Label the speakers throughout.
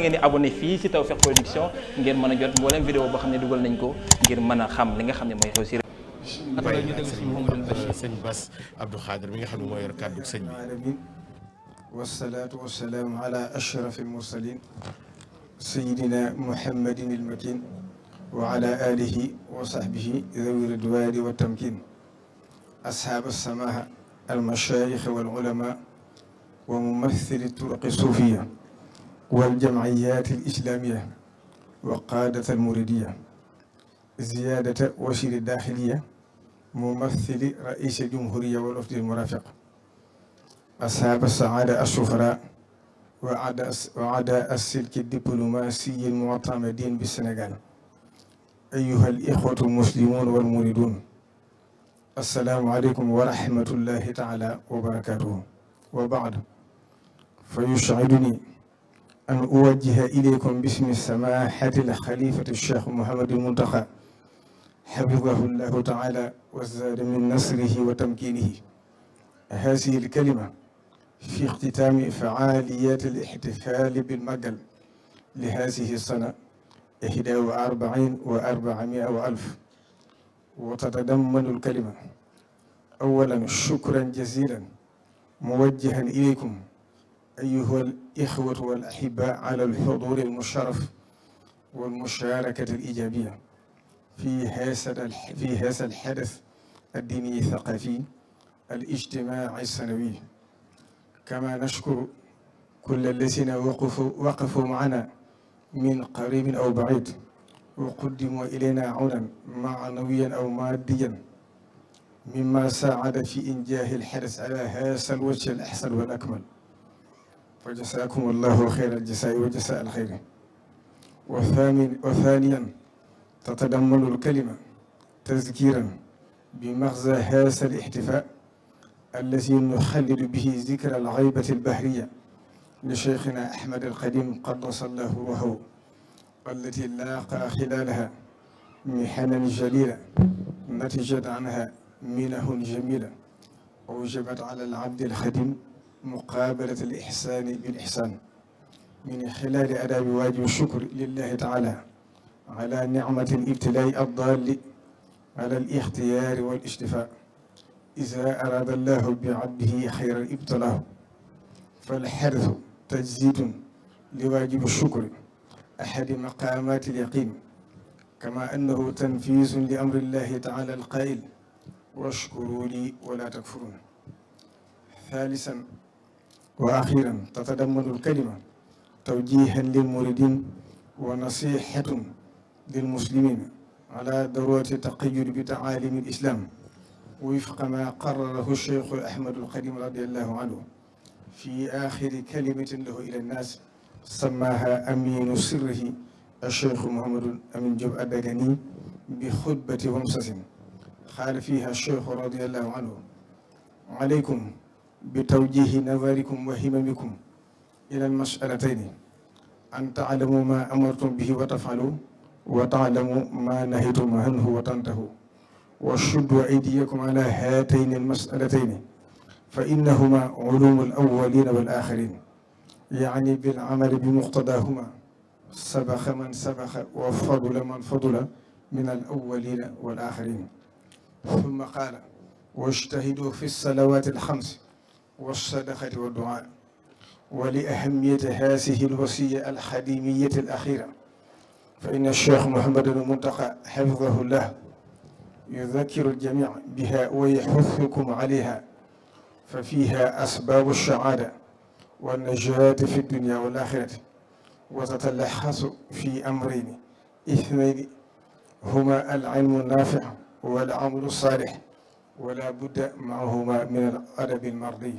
Speaker 1: ngeen di abonné fii ci Tawfekh Production ngeen mën a jot mboolem vidéo boo xam ne dugal nañ ko ngir mën a xam li nga xam ne mooy xew ci réew sëñ Bass Abdou Khadir mi nga xam ne moo yor kàddu sëñ bi wassalaatu wassalaamu ala ashrafil mursalin sayyidina muhammadin il makin
Speaker 2: wa ala alihi wa
Speaker 1: sahbihi zawi ridwani wa tamkin ashab as-samaha al mashayikh wal ulama wa mumaththili turuqi sufiya والجمعيات الإسلامية وقادة المريدية زيادة وشير الداخلية ممثل رئيس الجمهورية والوفد المرافق أصحاب السعادة السفراء وعداء السلك الدبلوماسي المعتمدين بالسنغال أيها الإخوة المسلمون والمريدون السلام عليكم ورحمة الله تعالى وبركاته وبعد فيسعدني an uwajjiha ilaykum bismi samahati alxalifati cheikh Mouhamadul Muntaxa xafidahu llahu taala wa zaada min nasrihi wa tamkinihi haadihi alkalima fi ixtitaami faaliyat alixtifali bilmagal li haadihi sana ihda wa arbain wa arbamia wa alf wa tatadammanu alkalima awalan shukran jazilan muwajjahan ilaykum أيها الإخوة والأحباء على الحضور المشرف والمشاركة الإيجابية في هذا في هذا الحدث الديني الثقافي الاجتماعي السنوي كما نشكر كل الذين وقفوا وقفوا معنا من قريب أو بعيد وقدموا إلينا عونا معنويا أو ماديا مما ساعد في إنجاح الحدث على هذا الوجه الأحسن والأكمل wa jasaakum allahu xayra aljasaai wa jasaa alxayri wa thani wa thaniyan tatadammanu alkalima tazkiran bi maxza haasa alixtifa allati nuxallidu bihi zikra alxaybati albahriya li cheikhina ahmad alqadim qaddasa allahu ruuhahu allati laaqa xilaalaha mixanan jalila natijat anha minahun jamila awjabat ala alabdi alxadim muqaabalat al ixsaani bil ixsaan min xilaali adaabi waajibi shukri lillahi taala ala nicmati al ibtilaai addaalli ala al ixtiyaari wal ishtifaa iza araada allahu bi abdihi xayran ibtalaahu fal xersu tajziidun li waajibi shukri axadi maqaamaati al yaqiin kama annahu tanfiisun li amri llahi taala al qaa'il washkuruu lii wa laa takfuruun. Thaalisan وأخيرا تتضمن الكلمة توجيها للموردين ونصيحة للمسلمين على ضرورة التقيد بتعاليم الإسلام وفق ما قرره الشيخ أحمد القديم رضي الله عنه في آخر كلمة له إلى الناس سماها أمين سره الشيخ محمد أمين جب أدغني بخطبة ومسس قال فيها الشيخ رضي الله عنه عليكم بتوجيه نظركم وهممكم إلى المسألتين أن تعلموا ما أمرتم به وتفعلوا وتعلموا ما نهيتم عنه وتنتهوا وشدوا أيديكم على هاتين المسألتين فإنهما علوم الأولين والآخرين يعني بالعمل بمقتضاهما سبخ من سبخ وفضل من فضل من الأولين والآخرين ثم قال واجتهدوا في الصلوات الخمس والصدقة والدعاء ولأهمية هذه الوصية الخديمية الأخيرة فإن الشيخ محمد المنتقى حفظه الله يذكر الجميع بها ويحثكم عليها ففيها أسباب السعادة والنجاة في الدنيا والآخرة وتتلخص في أمرين اثنين هما العلم النافع والعمل الصالح ولا بد معهما من الأدب المرضي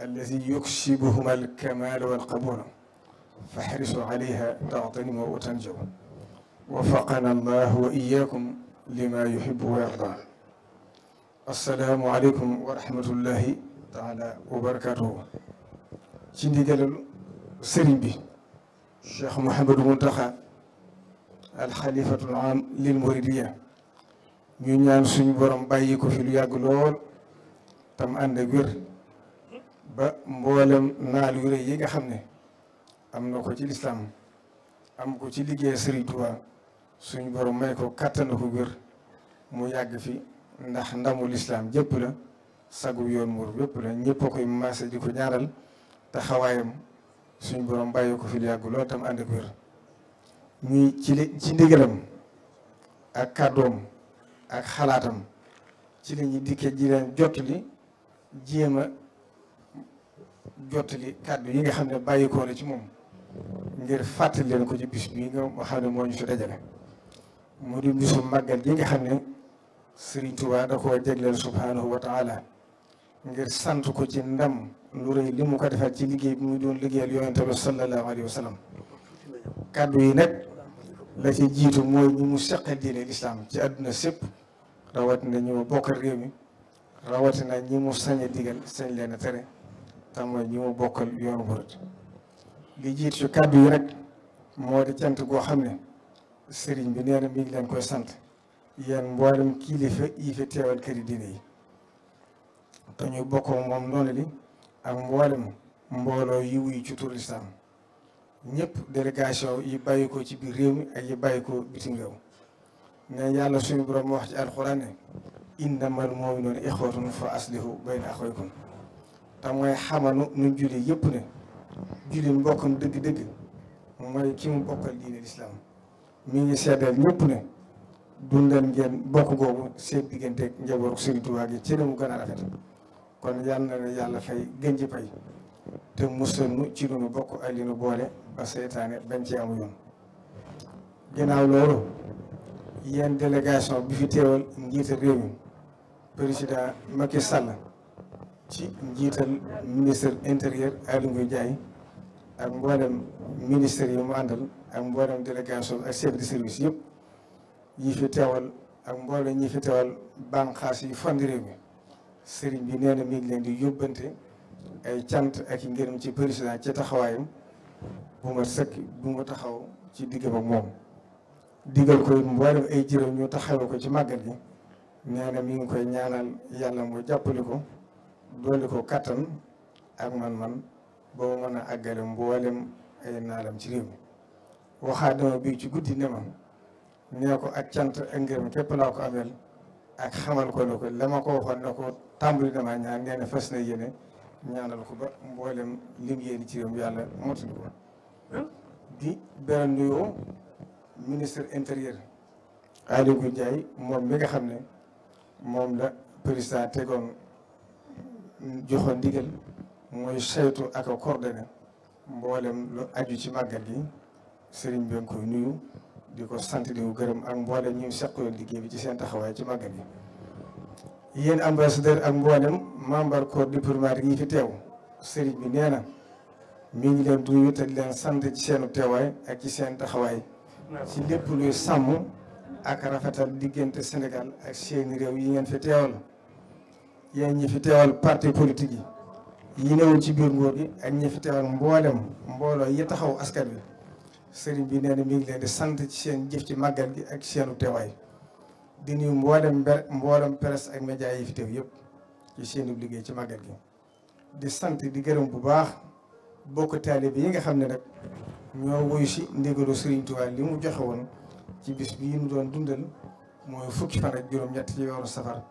Speaker 1: الذي يكسبهما الكمال والقبول فاحرصوا عليها تعتنموا وتنجوا وفقنا الله وإياكم لما يحب ويرضى السلام عليكم ورحمة الله تعالى وبركاته ci ndigalal sëriñ bi Cheikh Mouhamadou Mountakha al xalifatul aam lil muridiyya ñu ñaan suñu borom bàyyi ko fi lu yàgg lool tam ànd ak wér ba mboolem naal yu rëy yi nga xam ne am na ko ci lislaam am ko ci liggéey Sëriñ Tuubaa suñu borom may ko kàttan ko wér mu yàgg fi ndax ndamu lislaam jëpp la sagu yoon muur bépp la ñëpp a koy maase di ko ñaaral taxawaayam suñu borom bàyyi ko fi lu yàgg lool tam ànd ak wér ñuy ci ci ndigalam ak kàddoom ak xalaatam ci la ñuy dikkee ji leen jottali jéem a jottali kàddu yi nga xam ne bàyyikoo na ci moom ngir fàttali leen ko ci bis bii nga xam ne moo ñu fi dajale mu di bisu màggal gi nga xam ne Sëriñ Tuubaa da koo jagleel subhaanahu wa taala ngir sant ko ci ndam lu rëy li mu ko defal ci liggéey bi mu doon liggéeyal yonente bi sallallahu alayhi wa sallam yi nag la ci jiitu mooy ñi mu seqal diine lislaam ci àdduna sépp rawatina ñi mu bokkal réew mi rawatina ñi mu sañ a digal sañ leen a tere mooy ñi mu bokkal yoonu murit li jiitu ci kàddu yi rek moo di cant goo xam ne sëriñ bi nee bi mi leen koy sant yéen mboolem kilifa yi fi teewal këri diine yi tañu ñu bokkoo moom noonu li ak mboolem mbooloo yi wuy ci tur lislaam ñëpp délégation yi bàyyi ko ci biir réew mi ak yi bàyyi ko bitim réew ne yàlla suñu borom wax ci alxuraan ne innamal mu'minuuna ixwatun fa aslihu bayna axawaykum te mooy xamanu nu julli yëpp ne julli dégg dëgg-dëgg mooy ki mu bokkal diine lislaam mi ngi seddal ñëpp ne dundal ngeen bokk googu seen diggante njabootu Sëriñ Tuubaa gi ci la mu gën a rafet kon yàlla na yàlla fay gën pay te musal nu ci lu nu bokk ak li nu boole ba seytaane bañ ci am yoon ginnaaw loolu yéen délégation bi fi teewal njiital réew mi président Macky Sall ci njiital ministre intérieur Aly Ngouille Ndiaye ak mboolem ministère yi mu àndal ak mboolem délégation ak chef de service yëpp ñi fi teewal ak mboolem ñi fi teewal bànqaas yi fond réew sëriñ bi nee na mi ngi leen di yóbbante ay cant ak i ngërëm ci président ci taxawaayam bu ma sëkk bu ma taxaw ci digg ba moom digal ko it mboolem ay jërëm ñu taxawee ko ci màggal gi nee na mi koy ñaanal yàlla mu jàppale ko dolli ko kattan ak man-man boo mën a àggale mboolem ay naalam ci réew mi waxaa dama bii ci guddi ne ma nee ko ak cant ak ngërëm képp laa ko amel ak xamal ko ne ko la ma ko waxoon ko tàmbali damaa ñaan nee na fas na yéene ñaanal ko ba mboolem lim yéen ci réew mi yàlla mottali ko hmm? di beral nuyoo ministre intérieur Aly Ngouille Ndiaye moom mi nga xam ne moom la président tegoon joxoon ndigal mooy saytu ak a mboolem lu aju ci màggal gi sëriñ bi koy nuyu di ko sant di ko gërëm ak mboolem ñu seqoon liggéey bi ci seen taxawaay ci màggal gi yéen ambassadeur ak mboolem membre corps diplomatique yi fi teew sëriñ bi nee na mi ngi leen duyu te leen sant ci seenu teewaay ak ci seen taxawaay ci lépp luy sàmm ak rafetal diggante Sénégal ak seeni réew yi ngeen fi teewal yéen ñi fi teewal parti politique yi yi newul ci biir nguur gi ak ñi fi teewal mboolem mbooloo yi taxaw askan wi sëriñ bi nee na mi ngi leen di sant ci seen jëf ci màggal gi ak seenu teewaay di nuyu mboolem mber mboolem presse ak média yi fi teew yëpp ci seen liggéey ci màggal gi di sant di gërëm bu baax bokk taalibe yi nga xam ne rek ñoo wuyu si ndigalu Serigne Touba li mu joxe woon ci bis bii ñu doon dundal mooy fukki fan ak juróom-ñett ci weeru safar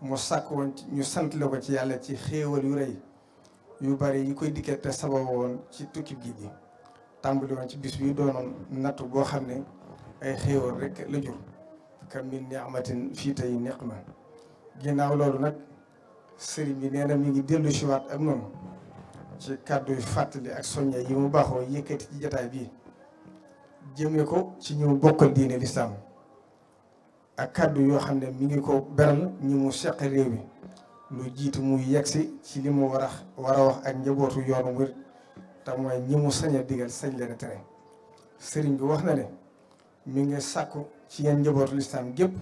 Speaker 1: mu sàkk woon ñu sant la ko ci yàlla ci xeewal yu rëy yu bari yi koy dikkee te sabab woon ci tukki gi bi tàmbali woon ci bis bii doonoon nattu boo xam ne ay xéewal rek la jur. kam min ni'matin fii tey niqma ginnaaw loolu nag sëriñ bi nee mi ngi dellu si ak noonu ci kàddu yu fàttali ak soñña yi mu baaxoo yëkkati ci jataay bii jëme ko ci ñu bokkal diine lislaam ak kàddu yoo xam ne mi ngi ko beral ñi mu seq réew yi lu jiitu muy yegsi ci li mu war a wax ak njabootu yoonu mbir te mooy ñi mu sañ a digal sañ leen tere sëriñ bi wax na ne mi ngi sàkku ci yéen njabootu lislaam gépp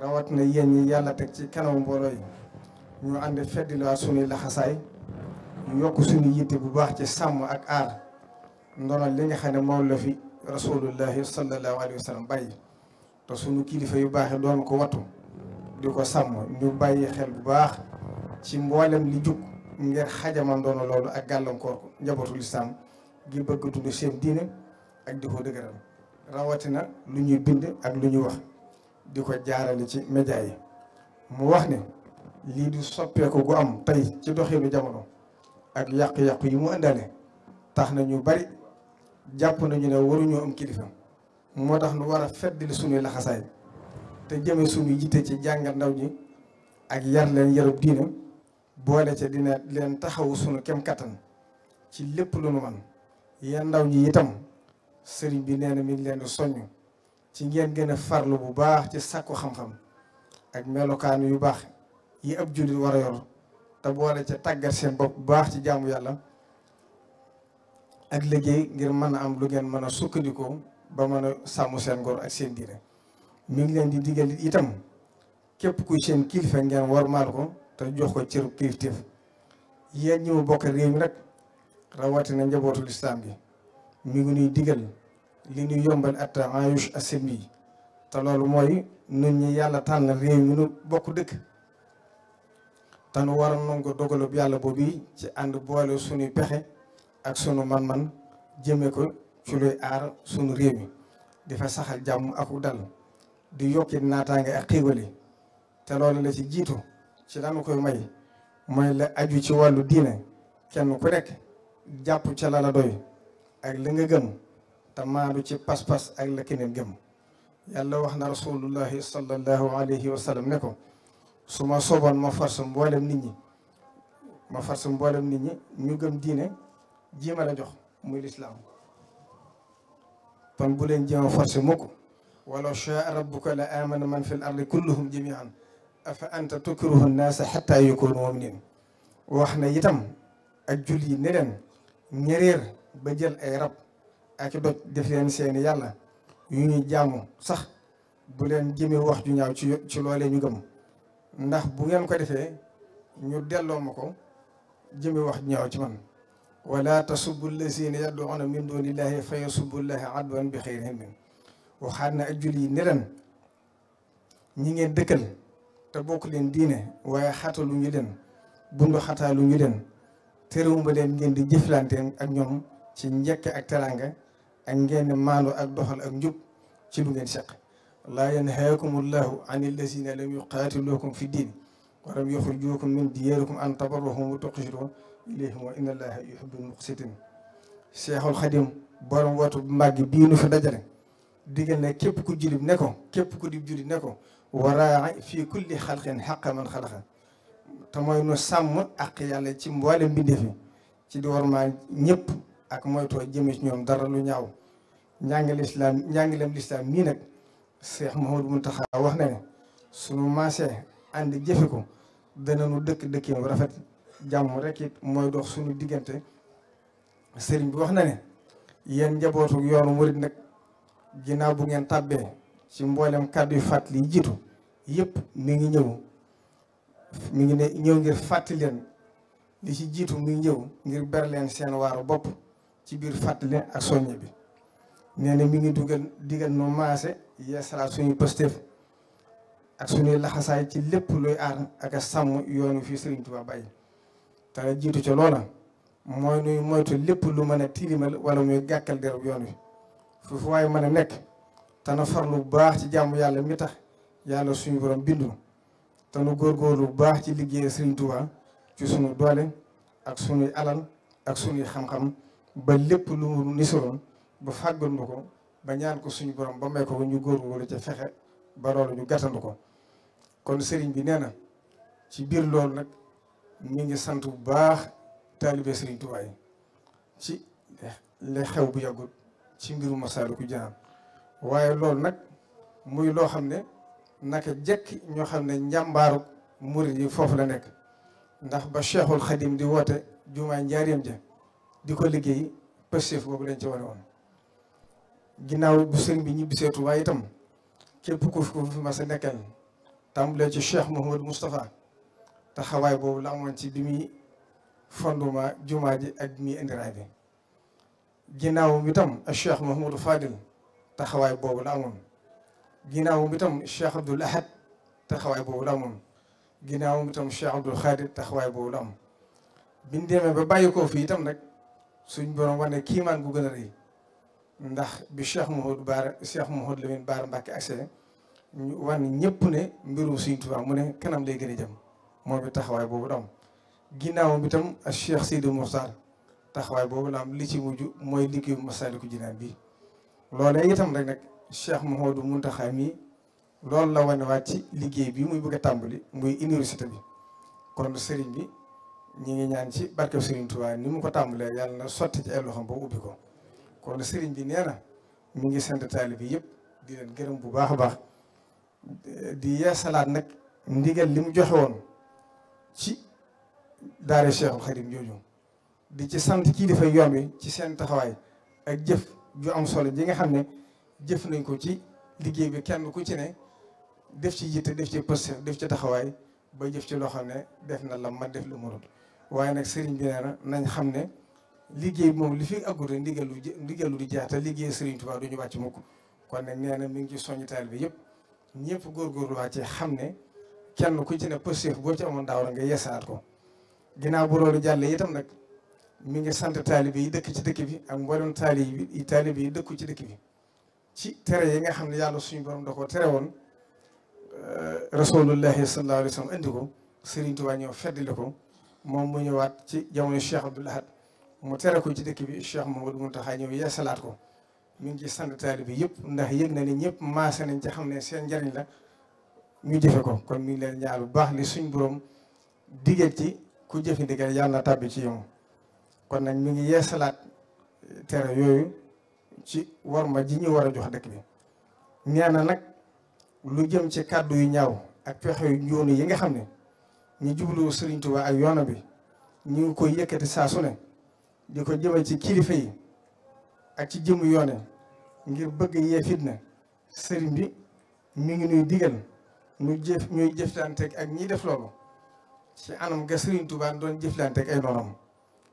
Speaker 1: rawat na yéen ñi yàlla teg ci kanam mbooloo yi ñu ànd feddiluwaat suñuy laxasaay yokk suñu yitte bu baax ci sàmm ak aar ndono li nga xam ne moom la fi rasulullahi sallallahu alayhi wa sallam bàyyi te suñu kilifa yu baax yi doon ko wattu di ko sàmm ñu bàyyi xel bu baax ci mboolem li jug ngir xajama ndono loolu ak gàllankoor ko njabootu lislaam gi bëgg dund seen diine ak di ko dëgëral rawatina lu ñuy bind ak lu ñuy wax di ko jaarale ci média yi mu wax ne lii du soppeeku gu am tey ci doxinu jamono ak yàqu-yàqu yi mu àndale tax na ñu bari jàpp nañu ne waruñoo am kilifa moo tax nu wara a feddali suñuy laxasaay te jëme suñu yitte ci jàngal ndaw ñi ak yar leen yarub diina boole ca dina leen taxawu sunu kem kattan ci lépp lu nu man yeen ndaw ñi itam sëriñ bi nee na mi ngi leen di soññ ci ngeen gën a farlu bu baax ci sàkku xam-xam ak melokaanu yu baax yi ab jullit war a yor te boole ca tàggat seen bopp bu baax ci jaamu yàlla ak liggéey ngir mën a am lu ngeen mën a sukkandikoo ba mën a sàmm seen ngor ak seen diine mi ngi leen di digal itam képp ku seen kilifa ngeen war maal ko te jox ko cër kilifteef yéen ñi mu bokk réew mi nag rawatina njabootu lislaam bi mi ngi nuy digal li ñu yombal at ayush asim yi te loolu mooy nun ñi yàlla tànn réew mi nu bokk dëkk te nu war a nangu dogalub yàlla boobu ci ànd boole suñuy pexe ak sunu man-man jëme ko ci luy aar sunu réew mi di fa saxal jàmm aku dal di yokki naataange ak xiiwali te loolu la ci jiito ci lanu koy may mooy la aju ci wàllu diine kenn ku rek jàpp ca la doy ak li nga gëm te maandu ci pas-pas ak la keneen gëm yàlla wax na rasulullahi sallallahu alayhi wa ne ko su ma sooboon ma far su mboolem nit ñi ma far su mboolem ñi ñu gëm diine jiima la jox mu lislaam kon bu leen jéem a forcé mukk walaw shaa rabbuka la amana man fi l ardi kulluhum jamian afa anta tukrihu nnaasa xatta yakunu muminin wax na itam ak jul ne leen ñereer ba ay rab ak doj def leen seeni yàlla yu ñuy jaamu sax bu leen jëmee wax ju ñaaw ci ci loolee ñu gëm ndax bu ngeen ko defee ñu delloo ma ko jëmee wax ju ñaaw ci man wala tasubbu lazina yad'una min dunillahi fa yasubbu llaha adwan bi xayri ilmin waxaat na ak jul yi ne leen ñi ngeen dëkkal te bokk leen diine waaye xatalu ñu leen bundu xataalu ñu leen terewuma leen ngeen di jëflante ak ñoom ci njëkk ak teraanga ak ngeen maandu ak doxal ci lu ngeen seq laa yanhaakum allahu an allazina lam yuqaatilukum fi diin wa lam min diyaarikum an tabarruhum wa tuqsitu ilayhim wa inna allaha yuhibbul muqsitin Seexul màgg bii nu fi dajale ku julib ne ko ku dib julib ne ko waraa fii kulli xalqin xaqa man xalaqa te nu sàmm ak yàlla ci mboole mbindeef yi ci di war maa ñëpp ak moytoo jëmee ci ñoom dara lu ñaaw njàngale islam njàngaleem lislaam nii nag Cheikh mu Mountakha wax na ne sunu maasee ànd jëfe ko dana nu dëkk dëkkin bu rafet jàmm rek mooy dox sunu diggante sëriñ bi wax na ne yéen njabootu yoonu murit nag ginnaaw bu ngeen tàbbee ci mboolem kàddu yu fàttali yi jiitu yépp mi ngi ñëw mi ngi ne ñëw ngir fàttali leen li ci jiitu mi ngi ñëw ngir ber leen seen waaru bopp ci biir fàttali ak soññ bi nee na mi ngi dugal digal nu maase yeesalaat suñuy pësteef ak suñuy laxasaay ci lépp luy aar ak a sàmm yoonu fii Sëriñ Tuubaa bàyyi te jiitu ca loola mooy nuy moytu lépp lu mën a tilimal wala muy gàkkal derb yoon wi foofu waaye mën a nekk te na farlu bu baax ci jàmm yàlla mi tax yàlla suñu borom bindu te nu góorgóorlu bu baax ci liggéey Sëriñ Tuubaa ci suñu doole ak suñuy alal ak suñuy xam-xam ba lépp lu mu nisoroon ba fàggoon na ko ba ñaan ko suñu borom ba may ko ñu góorgóorlu ca fexe ba loolu ñu gàttandu ko kon sëriñ bi nee na ci biir loolu nag mi ngi sant bu baax taalibe ci le xew bu yàggul ci mbiru Masaalikul Jinaan waaye loolu nag muy loo xam ne naka jekk ñoo xam ne njàmbaaru murid yi foofu la nekk ndax ba Cheikhul Xadim di woote jumaa njaareem ja di ko liggéey pëstéef boobu lañ ci wane woon ginnaaw bu sëriñ bi ñibbi seetu waaye itam képp ku fi ko fi mas a nekkal tàmbalee ci Cheikh Mouhamadou Moustapha taxawaay boobu la amoon ci bi muy fondement jumaa ji ak bi muy indi raay bi ginnaaw taxawaay boobu la amoon ginnaaw bi tam Cheikh Abdoul Ahad taxawaay boobu la amoon ginnaaw bi tam Cheikh Abdoul Khadir taxawaay boobu la am biñ demee ba bàyyi ko fii itam nag. suñ borom wane kiimaan bu gën a rëy ndax bi Cheikh Mouhoud Baar Cheikh Mouhoud Lamine Baar Mbacke accès ñu wane ñëpp ne mbirum Sëriñ Tuubaa mu ne kanam lay gën a jëm moom bi taxawaay boobu dam ginnaawam bi tam ak Cheikh taxawaay boobu la am li ci mujj mooy liggéeyu Masaliku Jinaan bi loolee tam rek nag Cheikh Mouhoud Mountakha mi loolu la wane waat ci liggéey bi muy bëgg a tàmbali muy université bi kon sëriñ bi. ñi ngi ñaan ci barkeb Serigne Touba ni mu ko tàmbalee yàlla na sotti ci ay loxoom ba ubbi ko kon Serigne bi neena na mi ngi sant taalibe yëpp di leen gërëm bu baax a baax di yeesalaat nag ndigal li mu joxe woon ci daare Cheikhul Khadim jooju di ci sant kii dafay yombi ci seen taxawaay ak jëf ju am solo ji nga xam ne jëf nañ ko ci liggéey bi kenn ku ci ne def ci yitte def ci poste def ci taxawaay ba jëf ci loo xam ne def na la ma def lu mu waaye nag sëriñ bi nee na nañ xam ne liggéey moom li fi aggude ndigalu ndigalu di jeex te liggéey sëriñ Tuubaa du ñu wàcc mukk kon nag nee na mi ngi ci soññ taal bi yëpp ñëpp góorgóorlu waa ci xam ne kenn ku ci ne positif boo ci amoon daaw la nga yeesaat ko ginnaaw bu loolu jàllee itam nag mu ngi sant taalibe yi dëkk ci dëkk bi ak mboolem taalibe yi taalibe yi dëkku ci dëkk bi ci tere yi nga xam ne yàlla suñu borom da koo tere woon euh, rasulullahi sallallahu alayhi wa sallam andi ko sëriñ Tuubaa ko moom mu ñëwaat ci jamono Cheikh Abdoul Ahad mu tere ko ci dëkk bi Cheikh Mamadou Mountakha ñëw salaat ko mu ngi ci sant taalibe bi yëpp ndax yëg na ni ñëpp maase nañ ci xam ne seen njariñ la ñu jëfe ko mi ngi leen ñaar bu baax li borom digal ci ku jëfe ndigal ci yow kon nag mi ngi yeesalaat eh, tere yooyu ci warma ji ñu war a jox dëkk bi nee na nag lu jëm ci kàddu yu ñaaw ak pexe yu njoonu yi nga xam ne ñu jublu Serigne Touba ak yoona bi ñu ngi koy yëkkati saa su ne di ko ci kilifa yi ak ci jëmu yoone ngir bëgg yee na sëriñ bi mu ngi nuy digal nu jëf ñuy jëflanteeg ak ñiy def loolu ci anam ga Sëriñ Tuubaa doon jëflanteeg ay noonam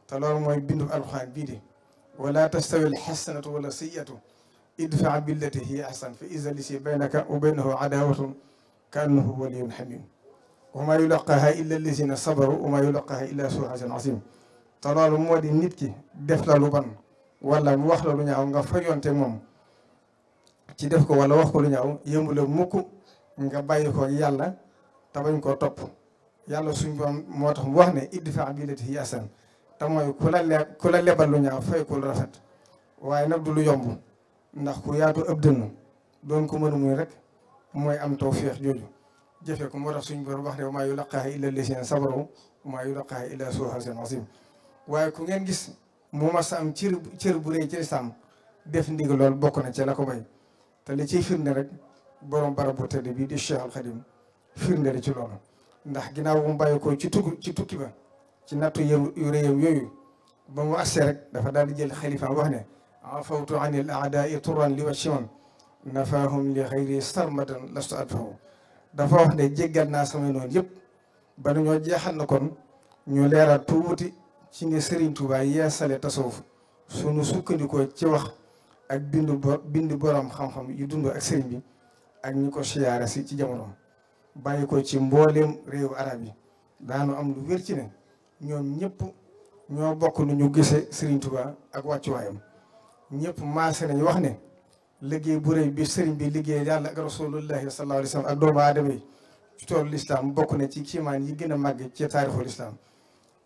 Speaker 1: te loolu mooy bindu alxuraan bii di wala tastawi alxasanatu wala sayyiatu idfa billati hiya ahsan fa iza lisi baynaka wa baynahu adawatun ka annahu waliyun hamim wa maa yulaqaaha illa allazina sabaru wa maa yulaqaaha illa zu hazzin azim te loolu moo di nit ki def la lu ban wala mu wax la lu ñaaw nga fayoonte moom ci def ko wala wax ko lu ñaaw yëmu la mukk nga bàyyi ko yàlla te bañ koo topp yàlla suñ boom moo tax mu wax ne idfa billati hiya ahsan te mooy ku la le ku la lebal lu ñaaw fay ko lu rafet waaye nag du lu yomb ndax ku yaatu ëb dënn doon ko mën muy rek mooy am tawféex jooju jëfe ko moo a suñu borom wax ne maa yulaqaaha illa lazina sabaru maa yulaqaaha illa zu hazzin waaye ku ngeen gis mu mas am cër cër bu rëy ci sàmm def ndigal lool bokk na ci la ko may te li ciy firnde rek borom barab bu tëdd bii di Cheikh Al Khadim firnde ci loolu ndax ginnaaw bu mu bàyyi ko ci tukki ci tukki ba ci nattu yu réyam yooyu ba mu assee rek dafa daal di jël xalifa wax ne afawtu an il aadai turan li wacci man nafaahum li xayri sarmadan lastu adfahu dafa wax ne jéggal naa samay noonu yëpp ba ñoo jeexal na kon ñoo leeral tuuti ci ne Serigne Touba yeesale tasawuf sunu sukkandikoo ci wax ak bindu bo bindu borom xam-xam yu dund ak Serigne bi ak ñi ko siyaare si ci jamono bàyyi ko ci mbooleem réewu arab yi daanu am lu wér ci ne ñoom ñëpp ñoo bokk nu ñu gisee Serigne Touba ak wàccuwaayam ñëpp maase nañu wax ne. liggéey bu bi sëriñ bi liggéey yàlla ak rasulullahi sallallahu alayhi wa sallam ak doomu aadama ci toolu lislaam bokk na ci kiimaan yi gën a màgg ci taarixu lislaam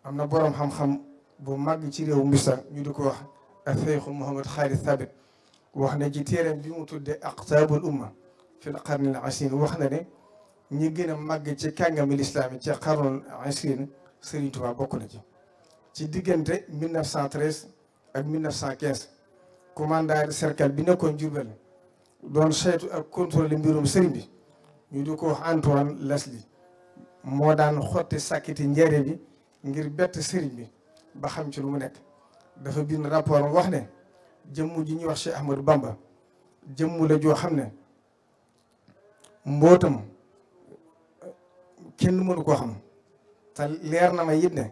Speaker 1: am na boroom xam-xam bu màgg ci réew Misra ñu di ko wax ak Seexu Muhammad Xaalid Thabit wax na ci téereem bi mu tuddee aqtaabul umma fil qarnil asiin wax na ne ñi gën a màgg ci kàngami lislaam yi ci qarnul asiin Sëriñ Tuubaa bokk na ci ci diggante 1913 ak 1915 commandant de bi nekkoon Diourbel doon saytu ak contrôle mbirum sëriñ bi ñu di ko wax Antoine Leslie moo daan xotti sàkkiti njere bi ngir bett sëriñ bi ba xam ci lu mu nekk dafa bind rapport wax ne jëmm ji ñuy wax Cheikh Ahmadou Bamba jëmm la joo xam ne mbootam kenn mënu koo xam te leer na ma yit ne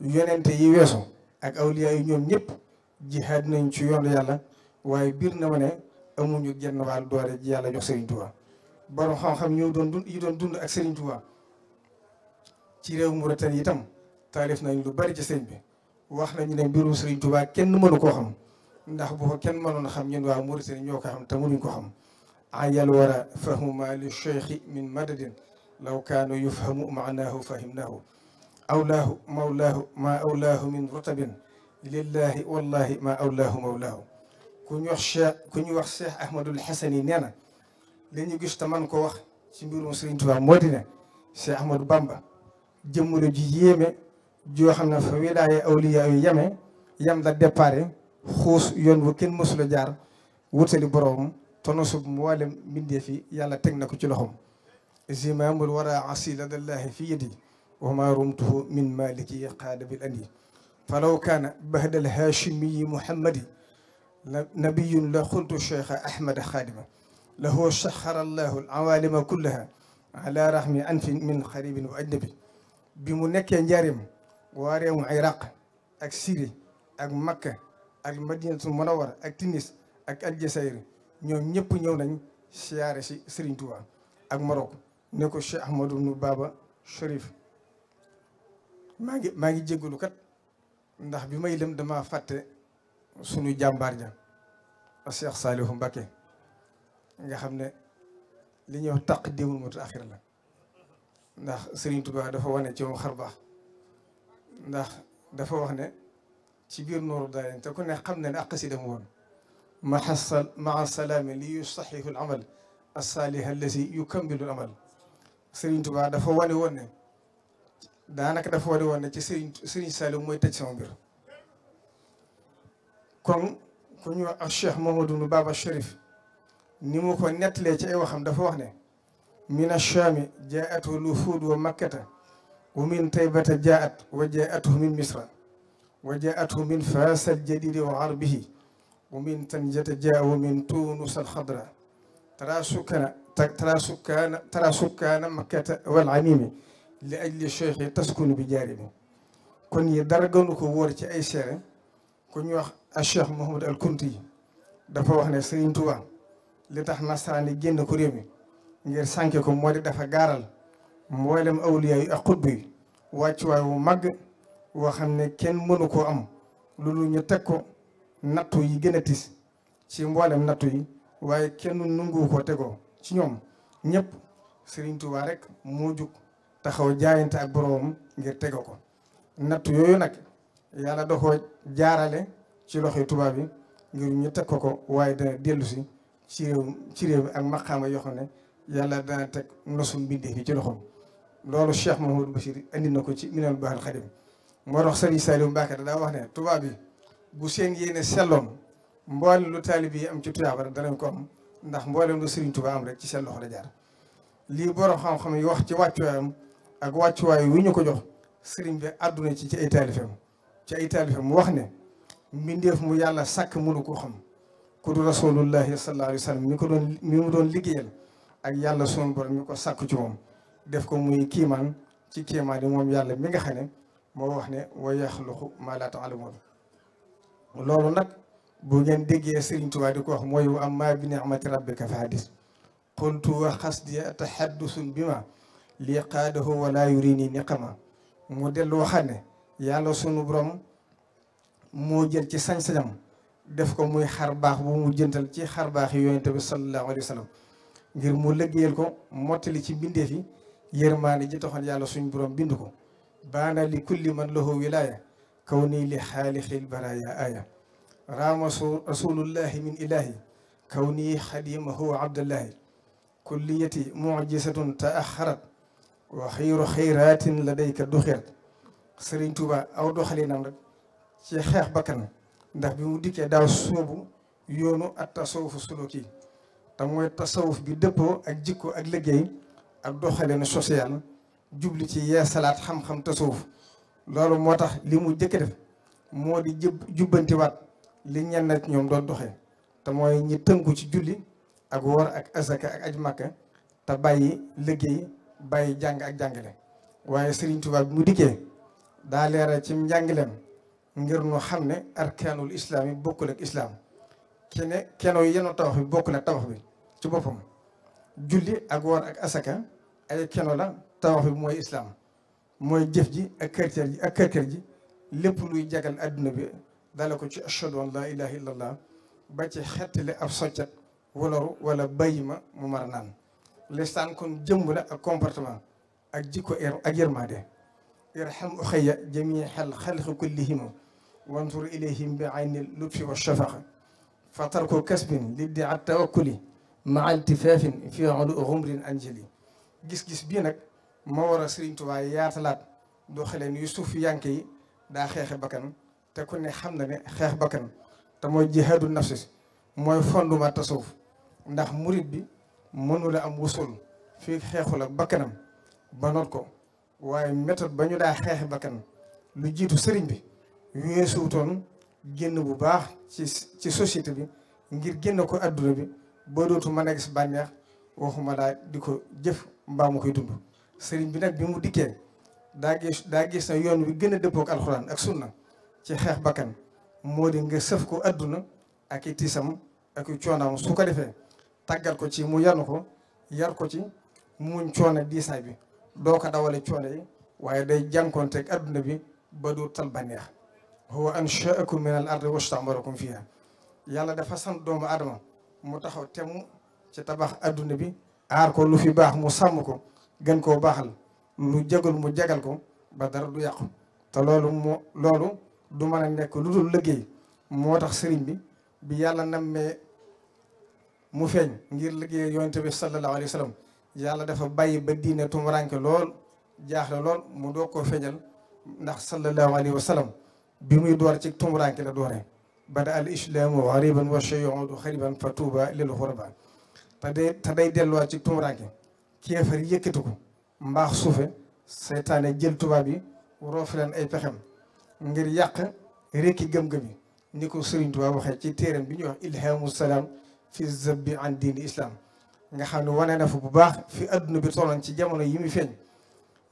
Speaker 1: yonente yi weesu ak awliya yu ñoom ñëpp jihaad nañ ci yoonu yàlla waaye biir na ma ne genn wàll doole ji yàlla jox Serigne Touba borom xam-xam ñëw doon dund yi doon dund ak Serigne Touba ci réew Mauritanie itam taalif nañ lu bari ci sëñ bi wax nañ ne mbiru Serigne Touba kenn mënu koo xam ndax bu ko kenn mënoon xam ñun waa Mauritanie ñoo ko xam te mënuñ ko xam ayal wara fahmuma li cheikhi min madadin law kaanu yufhamu maanaahu fahimnaahu awlaahu mawlaahu ma awlaahu min rutabin lillahi wallahi ma awlaahu mawlaahu ku ñu wax cheikh ku ñu wax cheikh ahmadul xasani nee na li ñu gis te man ko wax ci mbirum Sëriñ Tuubaa moo di ne cheikh ahmadou bamba jëmmula ji yéeme joo xam ne fa wilaaya awliya yu yame yam la déparé xuus yoon wu kenn mësula jaar wutali boroom tonosub mboolem mbindeef yi yàlla teg na ko ci loxom zimaamul wara asila dallahi fi yadi wa ma rumtuhu min maliki qaada bil falaw kaana bahda alhaachimiyi muhammadi nabiyun la xultu cheikha ahmada xaadima lahu saxara allahu alawalima kullaha ala rahmi anfi min xaribin wa ajnabi bi mu nekkee njaarim waa réewum iraq ak syrie ak makka ak madinatul munawara ak tunis ak aljazair ñoom ñëpp ñëw nañ siyaare si Serigne Touba ak Maroc ne ko Cheikh Ahmadou nu Baba Chérif maa ngi maa ngi jéggalu kat ndax bi may dem dama fàtte sunu jàmbaar ja Cheikh Saliou mbake nga xam ne li ñuy wax taqdimul mutaaxir la ndax Serigne Touba dafa wane ci moom xar dafa wax ne ci biir nooru daalen te ku ne xam ne ne ak xasida mu woon maxasa maa salaami li yusaxihu al amal assaaliha allasi yukammilu al amal Serigne Touba dafa wane woon ne daanaka dafa war a ci Serigne Serigne Saliou mooy tëj sama mbir kon ku ñuy wax ak Cheikh nu Baba Chérif ni mu ko nettalee ci ay waxam dafa wax ne min achaami jaatu lufuud wa makkata wa min taybata jaat wa jaatu min misra wa jaatu min faas aljadidi wa garbihi wa min tanjata jaa wa min tunus alxadra tara sukkaana tara sukkaana makkata wal animi li ajli cheikhi taskunu bi jaarimu kon yi dara gënu ko wóor ci ay seere ku ñu wax a cheikh Mouhamad al Kunti dafa wax ne Serigne Touba li tax nasaraan yi génn ko réew mi ngir sànke ko moo de dafa gaaral mboolem awliya yi ak xutb yi wàccuwaay wu màgg woo xam ne kenn mënu koo am loolu ñu teg ko nattu yi gën a tis ci mboolem nattu yi waaye kenn nungu ko tegoo ci ñoom ñëpp Serigne Touba rek moo jug taxaw jaayante ak boroomam ngir tege ko natt yooyu nag yàlla da ko jaarale ci loxo tubaab yi ngir ñu teg ko ko waaye dana dellusi si ci réew ci réew mi ak maqaama yoo xam ne yàlla dana teg nosum mbindeef yi ci loxoom loolu Cheikh Mahamadou Bachir indi na ko ci minal baaxal xadim moo tax Sëriñ Saliou daa wax ne tubaab yi bu seen yéene selloon mbool lu taalib yi am ci tuyaaba ko am ndax mboolem lu Sëriñ Tuubaa rek ci seen loxo da jaar lii borom xam-xam yi wax ci wàccuwaayam ak wàccuwaay wi ñu ko jox sëriñ bi àdduna ci ci ay taalifam ci ay taalifam mu wax ne mbindeef mu yàlla sàkk mënu ko xam ku du rasulullahi sallallahu alayhi wa sallam mi ko doon mi doon liggéeyal ak yàlla sunu borom mi ko sàkk ci moom def ko muy kiimaan ci kiimaan yi moom yàlla mi nga xam ne moo wax ne wa yaxluqu maa laa ta'lamuun loolu nag bu ngeen déggee Sëriñ Tuubaa di ko wax mooy wa ammaa bi ni'mati rabbika fa haddis qultu wa xasdi tahaddusun bi ma lii qaadahu wala yurini niqama mu dellu waxaat ne yàlla sunu borom moo jël ci sañ-sañam def ko muy xar baax bu mu jëntal ci xar baax yi yonente bi sallallahu alayhi ngir mu lëggéeyal ko mottali ci bindeef yi yërmaane ji taxoon yàlla suñu borom bind ko baana li kulli man lahu wilaaya kaw nii li xaalixil baraaya aaya raama rasulullahi min ilahi kaw nii xadimahu abdullahi kulliyati mujisatun taaxarat wa xayru xayraatin ladayka duxir Serigne Touba aw doxalinam rek ci xeex bakkan ndax bi mu dikkee daaw soobu yoonu ak tasawufu suluki te mooy tasawuf bi dëppoo ak jikko ak liggéey ak doxalin social jubli ci yeesalaat xam-xam tasawuf loolu moo tax li mu jëkk def moo di jub jubbantiwaat li ñenn rek ñoom doon doxee te mooy ñi tënku ci julli ak woor ak azaka ak aj màkka te bàyyi liggéey bàyyi jàng ak jàngale waaye Serigne Touba bi mu dikkee daa ci ci njàngaleem ngir nu xam ne arkaanul islam yi bokkul ak islam ki ne keno yenn tabax bi bokkul ak tabax bi ci boppam julli ak woor ak asaka ay keno la tabax bi mooy islam mooy jëf ji ak kërkër ji ji lépp luy jagal àdduna bi dala ko ci ashhadu an laa ilaha illallah ba ci xettali ab soccet walaru wala ma mu mar a naan listaan kon jëmb la ak comportement ak jikko ak yërmaade irham uxayya jamiixal xalqi kullihim wantur ilayhim bi ayni lutfi wa shafaqa fa tarku kasbin a tawakkuli maa iltifaafin fi udu xumrin anjali gis-gis bii nag moo war a Sëriñ Tuubaa yaatalaat doxaleen yu suuf yanke daa xeexe bakkan te ku ne xam na ne xeex bakkan te mooy jihaadu nafsi mooy fondement tasawuf ndax murit mënula am wusul fii xeexula bakkanam ba ko waaye méthode ba ñu daa xeex bakkan lu jiitu sëriñ bi weesuutoon génn bu baax ci ci société bi ngir génn ko adduna bi ba dootu mën a gis bànneex waxuma daa di ko jëf mbaa mu koy dund sëriñ bi nag bi mu dikkee daa gis daa gis na yoon wi gën a dëppook alxuraan ak sunna ci xeex bakkan moo di nga sëf ko adduna ak i tiisam ak i coonaam su ko defee tàggat ko ci mu yanu ko yar ko ci muñ coono diisaay bi doo ko dawale coono yi waaye day jànkoonteeg adduna bi ba du tal bànneex huwa anshaakum min al ardi wastamarakum fiha yàlla dafa sant doomu adama mu taxaw temm ci tabax adduna bi aar ko lu fi baax mu sàmm ko gën koo baaxal lu jagul mu jagal ko ba dara du yàqu te loolu moo loolu du mën a nekk lu dul liggéey moo tax sëriñ bi bi nammee mu feeñ ngir liggéey yonent bi sallallahu alayhi wa sallam yàlla dafa bàyyi ba diine tumuranke lool jaaxle lool mu doo koo feeñal ndax sallallahu alayhi wa bi muy door ci tumuranke la dooree bada al islaamu xariban wa shayudu xariban fa tuuba lil xuraba te day te day delluwaat ci tumuranke kéefar mbaax suufe seytaane jël tubaab yi roof ay pexem ngir yàq rékki gëm-gëm ni ko Sëriñ Tuubaa waxee ci téeram bi ñuy wax ilhamu salaam fi zabbi an diini islam nga xam ne wane na fa bu baax fi adduna bi tolloon ci jamono yi muy feeñ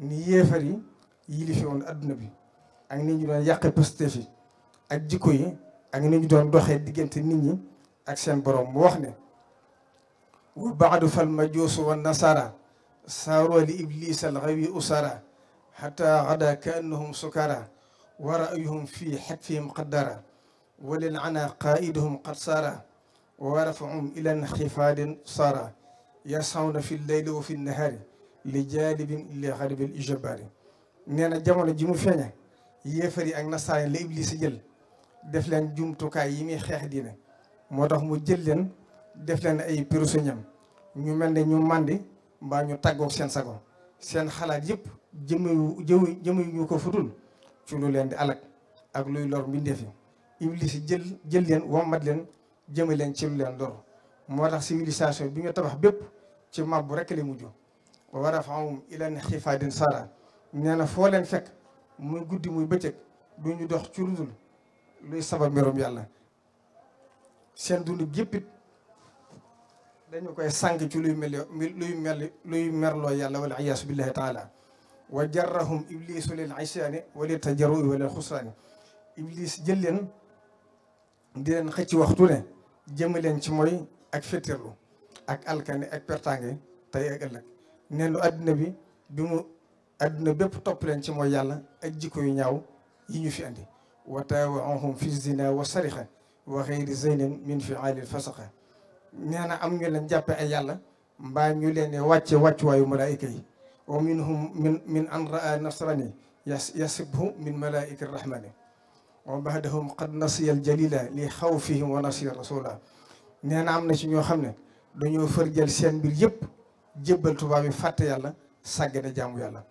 Speaker 1: ni yéefar yi yilife woon adduna bi ak ni ñu doon yàqe positif yi ak jikko yi ak ni ñu doon doxee diggante nit ñi ak seen borom mu wax ne wa baadu fal majuusu wa nasara saaroo li iblis al xawi usara xata xada ka annahum sukara wa rayuhum fi xatfihim qaddara wa lil ana qaiduhum qad saara wa rafahum ila nxifaadin sara yarsawna fi leyli wa fi nahaari li jaalibin li xaribil ijabaari nee na jamono ji mu feeñe yéefar yi ak nasaraan la Iblis jël def leen jumtukaay yi muy xeex diine moo tax mu jël leen def leen ay prisonniers ñu mel ne ñu màndi mbaa ñu tàggoog seen sago seen xalaat yëpp jëmewu jëw jëmewu ñu ko fudul ci lu leen di alak ak luy lor mbindeef yi Iblis jël jël leen wammat leen jëme leen ci leen lor moo tax civilisation bi nga tabax bépp ci mabbu rekk la mujj wa rafahum ilan xifaadin sara nee na fekk muy guddi muy bëccëg du ñu dox ci lu dul luy sabab mbirum yàlla seen dundu géppit dañu koy sànq ci luy mel luy mel luy merloo yàlla wala iyaasu billahi taala wa jarrahum iblisu lil isyaani wali tajarrui wala xusraani iblis jël leen di leen waxtu ne jëmm leen ci mooy ak féttirlu ak alkani ak pertange tey ak ëllëg neen lu àddina bi bi mu àddina bépp topp leen ci mooy yàlla ak jikko yu ñaaw yi ñu fi andi wa taawaahum fi zina wa sarixa wa xeyri zeynin min fi alil fasaxa nee am ñu leen jàppe ay yàlla mbaa ñu leen ne wàcce wàccuwaayu malaayika yi wa minhum min min an raa nasrani yasibhu min malaayika rahmani wa baadahum qad nasiyal jalila li xawfihim wa nasiya rasula nee na am na ci ñoo xam ne dañoo fërjël seen mbir yëpp jébbal tubaab yi fàtte yàlla sàggane jaamu yàlla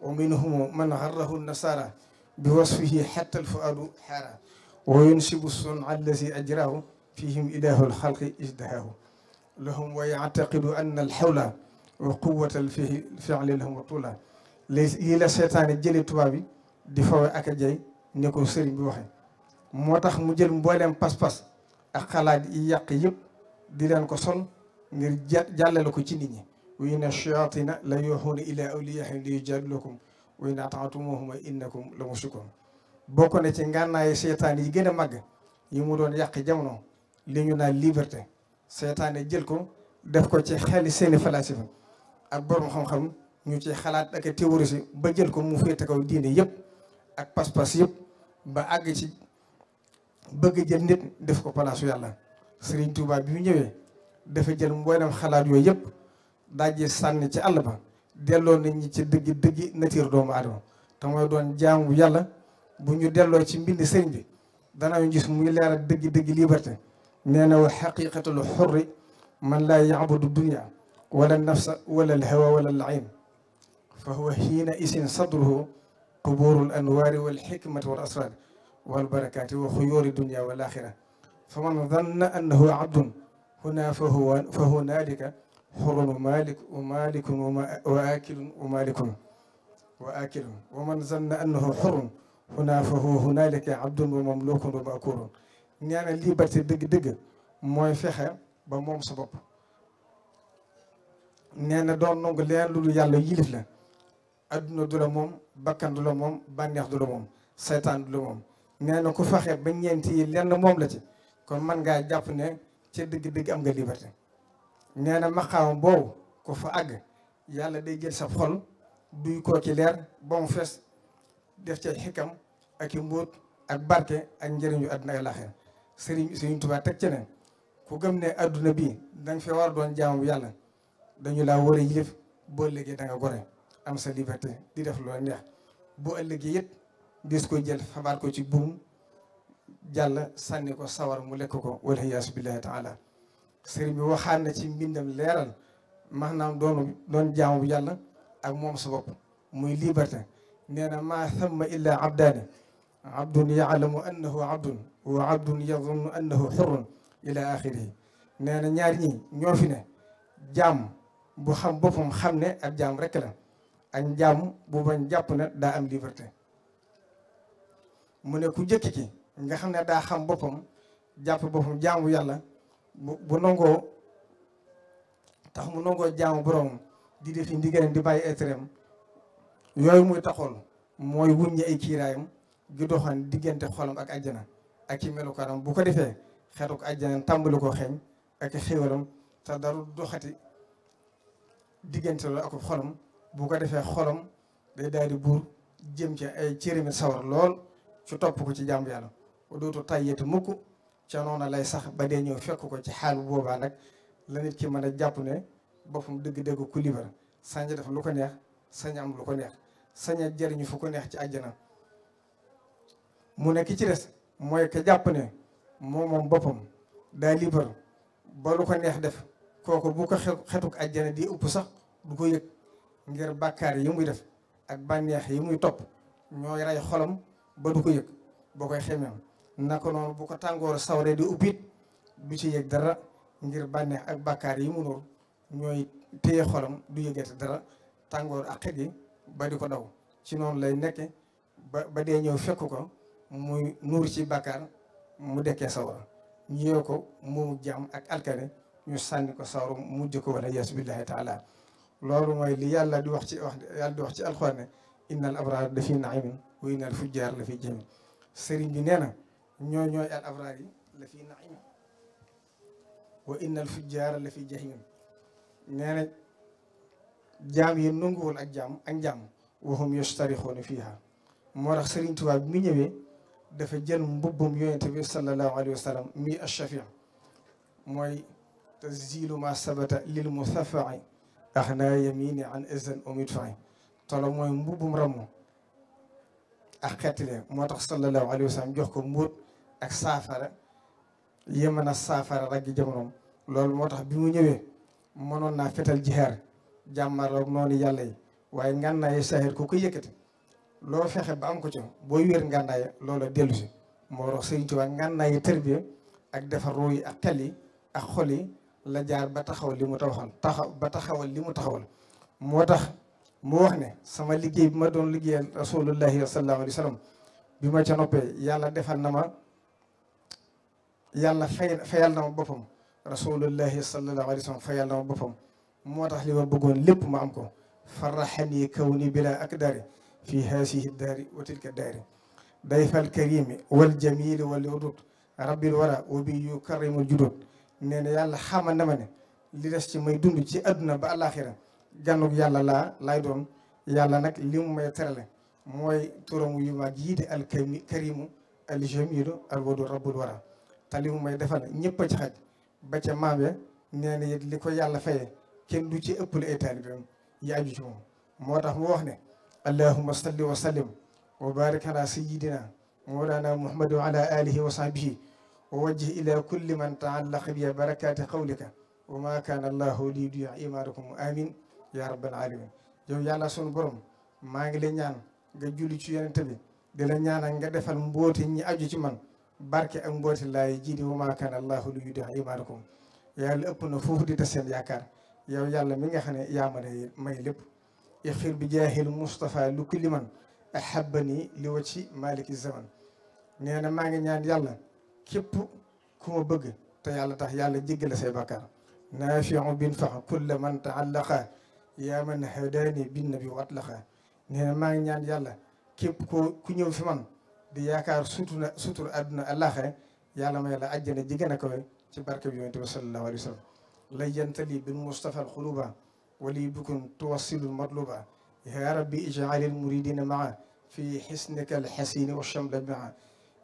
Speaker 1: wa minhum man xarrahu nasara bi wasfihi xatta alfuadu xaara wa yunsibu sun allazi ajrahu fihim ilahu alxalqi ijdahahu lahum wa yactaqidu anna alxawla wa quwata alfili lahum wa tula lii la seetaane jële tubaab yi di fawe ak a jay ni ko sëriñ bi waxe moo tax mu jël mbooleem pas-pas ak xalaat yi yàq yëpp di leen ko sol ngir jàllale ko ci nit ñi wa inna shayatina la yuxuuna ila awliyahim li yujadilukum wa in ataatumuhuma innakum la boo ko na ci ngànnaayu seytaan yi gën a màgg yi mu doon yàq jamono li naa naan liberté seytaane jël ko def ko ci xel seeni falasifa ak borom xam-xam ñu ci xalaat ak théorie ba jël ko mu féete kaw diine yëpp ak pas-pas yëpp ba àgg ci bëgg jël nit def ko palaasu yàlla Serigne Touba bi mu ñëwee dafa jël mboolem xalaat yooyu yëpp dajji sànni ci àll ba delloo na ñi ci dëgg dëgg nature doomu aadama te mooy doon jaamu yàlla bu ñu delloo ci mbind sëriñ bi danañ gis muy leeral dëgg dëgg liberté nee na wa xaqiqatul xurri man laa yacbudu dunia wala nafsa wala alhawa wala alayn fa huwa xiina isin sadruhu قبور الأنوار والحكمة والأسرار والبركات وخيور الدنيا والآخرة فمن ظن أنه عبد هنا فهو فهنالك حر ومالك ومالك وآكل ومالك وآكل ومن ظن أنه حر هنا فهو هنالك عبد ومملوك ومأكول nee na liberté dëgg-dëgg mooy fexe ba moom sa bopp nee na doon nangu leen loolu yàlla yilif la adduna du la moom bakkan du la moom bànneex du la moom saytaan du la moom nee na ku faxe ba ñeenti yi lenn moom la ci kon man ngaa jàpp ne ci dëgg-dëgg am nga liberté nee na maqaam boobu ku fa àgg yàlla day jël sa xol duy koo ci leer ba mu fees def ci xikam ak i mbóot ak barke ak njëriñu àdduna ak laaxira sëriñ sëriñ Tuubaa teg ci ne ku gëm ne adduna bi danga fee war doon jaamu yàlla dañu laa war a yilif boo léegi da gore am sa liberté di def loo neex bu ëllëgee it dis ko jël xabaar ko ci buum jàll sànni ko sawar mu lekk ko wala yaasu billahi taala sëriñ bi waxaan na ci mbindam leeral maanaam doon doon jaamu yàlla ak moom sa muy liberté nee na maa thamma illa abdaani abdun yaalamu annahu abdun wa abdun yadunnu annahu xurrun ila axirihi nee ñaar ñi ñoo fi ne jaam bu xam boppam xam ne ak jaam rekk la ak njàmm bu bañ jàpp na daa am liberté mu ne ku jëkk ki nga xam ne daa xam boppam jàpp boppam jaamu yàlla bu bu tax mu nangoo jaamu boroomam di def yi ndigalam di bàyyi etreem yooyu muy taxool mooy wuññi ay kiiraayam ju doxaan diggante xolom ak àjjana ak ci melukaanam bu ko defee xetuk àjjana tàmbali ko xeeñ ak xéwalam te daru doxati diggante loolu ak xolam bu ko defee xolam day daal di buur jëm ci ay cërëmi sawar lool ci topp ko ci jàmm yàlla ba dootu tayyati mukk ca noona lay sax ba dee ñëw fekk ko ci xaal bu boobaa nag la nit ki mën a jàpp ne boppam dëgg-dëgg ku libre sañ def ko neex sañ lu ko neex sañ a jëriñu neex ci àjjana mu ne ki ci jàpp ne moom moom boppam daa libre ba lu ko neex def kooku bu ko xetuk àjjana di upp sax du ko yëg ngir bàkkaar yi muy def ak bànneex yi muy topp ñooy rey xolam ba du ko yëg boo koy xemeem naka noonu bu ko tàngoor sawre di ubbit du ci yëg dara ngir bànneex ak bakkaar yi mu noor ñooy téye xolam du yëgate dara tàngoor ak xet yi ba di ko daw ci noonu lay nekke ba ba dee ñëw fekk ko muy nuur ci bàkkaar mu dekkee sawra ñu yow ko mu jàmm ak alkane ñu sànni ko sawru mu ko wala yaasu billahi loolu mooy li yàlla di wax ci wax yàlla di wax ci alxuraan ne innal abraar la fi naimin wa innal fujjaar la fi jamin sëriñ bi nee na ñoo ñooy al abraar yi la fi naim wa innal fujjaar la fi jahim nee jaam yi nanguwul ak jaam ak jaam waxum yastarixoona fiiha moo tax sëriñ Tuubaa bi mu ñëwee dafa jël mbubbum yonente bi sallallahu alayhi wa sallam mi ashafii mooy tazilu ma sabata lil musafai ax naa yamini an izan umid fay tolo mooy mbubum ramu ak xettile moo tax sallallahu alayhi jox ko mbóot ak saafara yémën a saafara raggi jamonoom lool moo tax bi mu ñëwee mënoon naa fetal jihaar jàmmarloog noonu yàlla yi waaye ngànnaay saahir ku ko yëkkati loo fexe ba am ko ci booy wér ngànnaay loola dellu si moo tax sëriñ Tuubaa ngànnaay tarbiya ak defar ruu yi ak xel yi ak xol la jaar ba taxawal li mu taxawal taxaw ba taxawal li mu taxawal moo tax mu wax ne sama liggéey bi ma doon liggéeyal rasulullahi sallallahu alayhi wa sallam bi ma ca noppee yàlla defal na ma yàlla fay fayal na ma boppam rasulullahi sallallahu alayhi wa sallam fayal na ma boppam moo tax li ma bëggoon lépp ma am ko farraxani kawni bila akdari fi haasihi daari wa tilka daari dayfal karimi wal jamili wal udud rabbil wara wa bi yukarrimul judud nee na yàlla xamal na ma ne li des ci may dund ci àdduna ba àllaaxira gànnug yàlla laa laay doon yàlla nag li mu may terale mooy turamu yu mag al di alkami karimu aljamilu alwadu rabbul wara te li mu may defal ñëpp a ci xaj ba ca maam ya nee na li ko yàlla fayee kenn du ci ëppale ay taalibeem yi aju ci moom moo tax mu wax ne allahuma salli wa sallim wa barik ala sayidina mawlana muhammad wa alihi wa sahbihi wa wajjih ila kulli man taallaqa bi barakaati qawlika wa ma kaana allahu li yudiia imaanakum amin ya rabbal alamin yow yàlla sunu borom maa ngi la ñaan nga julli ci yonent bi di la nga defal mbooti ñi aju ci man barke ak mbooti laay jiidi wa ma kaana allahu li yudiia imaanakum yàlla ëpp na foofu di ta yakaar yaakaar yow yàlla mi nga xam ne yaa ma may lépp ixfir bi jaahil Moustapha lu kulli man ahabbani li wacci maliki zaman nee na maa ngi ñaan yàlla képp ku ma bëgg te yàlla tax yàlla jéggal say bakkaar naafiu bin fax kulla man taallaqa yaa man hadaani bin nabi wa atlaqa nee na maa ngi ñaan yàlla képp koo ku ñëw fi man di yaakaar sutura sutura àdduna àllaaxe yàlla may la àjjana ji gën a kawe ci barke bi yonent bi sallallahu alayhi wa sallam layyantali bil mustafa al xuluba wali bukun tuwassilul matluba yaa rabbi ijaalil muridina maa fi xisnika al xasini wa chamla maa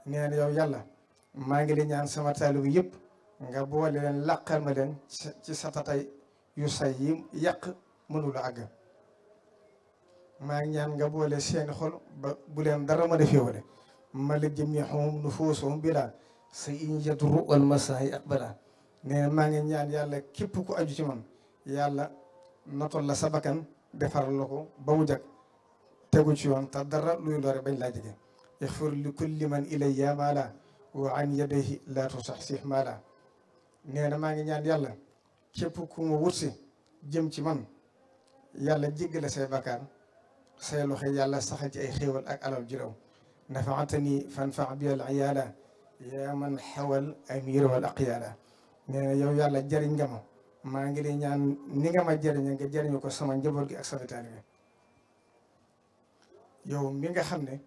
Speaker 1: nee na yow yàlla maa ngi leen ñaan sama taalibu yëpp nga boole leen làqal ma leen ci satatay yu say yi yàq mënula àgg maa ngi ñaan nga boole seeni xol ba bu leen dara ma defee wale malik jamiihum nufuusuhum bila sa injatu ma masaa'i aqbala nee maa ngi ñaan yàlla képp ko aju ci man yàlla natoon la sa bakkan defaral la ko ba mu jag tegu ci yoon te dara luy lore bañ laa jege ixfir li kulli man ilayya maala wa an yadayhi laa tusaxsih maala nee na maa ngi ñaan yàlla képp ku ma wutsi jëm ci man yàlla jéggale say bakkaar say loxo yàlla saxal ci ay xéewal ak alal ju raw nafaatani fanfa bi al iyaala yaa man xawal ay wal aqyaala nee na yow yàlla jariñ nga maa ngi lay ñaan ni nga ma jëriñe nga jëriñu ko sama njaboot gi ak sama taalibe yow mi xam ne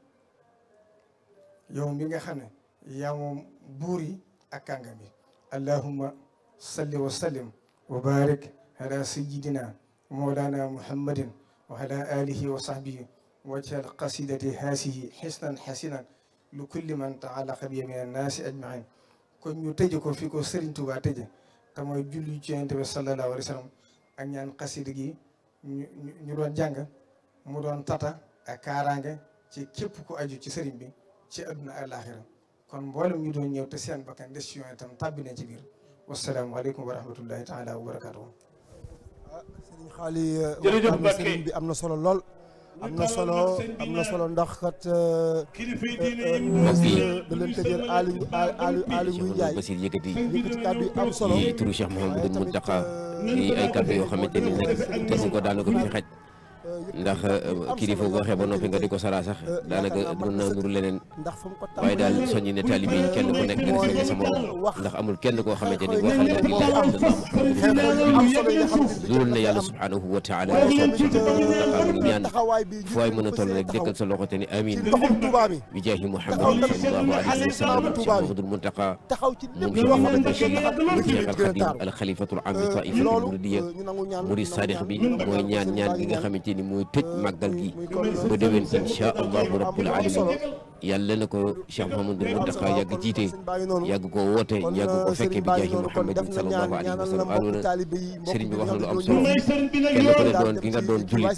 Speaker 1: yow mi nga xam ne yaa moom buur yi ak kàngam yi allahumma salli wa sallim wa barik ala sayidina mawlana muhammadin wa ala wa sahbihi wajhal qasidati haasihi xisnan xasinan lu kulli man taalaqa bi min annaasi ajmain kon ñu tëje ko fi ko Sëriñ Tuubaa tëje te julli ci Yonent bi sallallahu alayhi sallam ak ñaan gi ñu ñu doon jàng mu doon tata ak ci képp ku aju ci sëriñ bi ci àdduna ak kon mboolem ñu doon ñëw te seen bakkan décision itam bi na ci biir wasalaamualeykum wa rahmatullahi taala wa barakatuhu ah, sëriñ xaali euh, jërëjëf sëriñ bi am na solo lool am na solo am na solo ndax kat euh, euh, da leen tëjël Aliou Aliou Aliou Ngouye Ndiaye Basir yëkkati yëkkati kàddu yi am solo turu Cheikh Mouhamadou Mountakha ay kàddu yoo xamante ni nag te ko daana ko fi xaj ndax kilifa boo xee ba noppi nga di ko saraa sax daanaka mën naa nuru leneen waaye daal soññi ne taalibe yi kenn ku nekk nga respecté sa morom ndax amul kenn koo xamante ni boo xam ne lillaahi alhamdulilah zurul na yàlla subhanahu wa taala ñu ñaan fu waay mën a toll rek dëkkal sa loxo te ni amin bi jaahi muhammad sallallahu alayhi wa sallam cheikh mahmadul muntaqa moom cheikh mahamad bachir cheikh alxadim alxalifatul am taifatul muridiya murid sadiq bi mooy ñaan ñaan gi nga xamante ni mooy tëj màggal gi ba déwén incha allahu rabbul alamin yàlla na ko Cheikh Mouhamadou Mountakha yàgg jiite yàgg ko woote yàgg ko uh, fekke bi jaahi Muhammadin sallallahu alayhi wa aloona sëriñ bi wax na lu am solo kenn ku ne doon gi nga doon jullit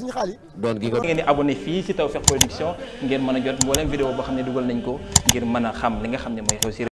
Speaker 1: doon gi nga ngeen di abonné fii ci Tawfekh Production ngeen mën a jot mboolem vidéo boo xam ne dugal nañ ko ngir mën a xam li nga xam ne mooy xew si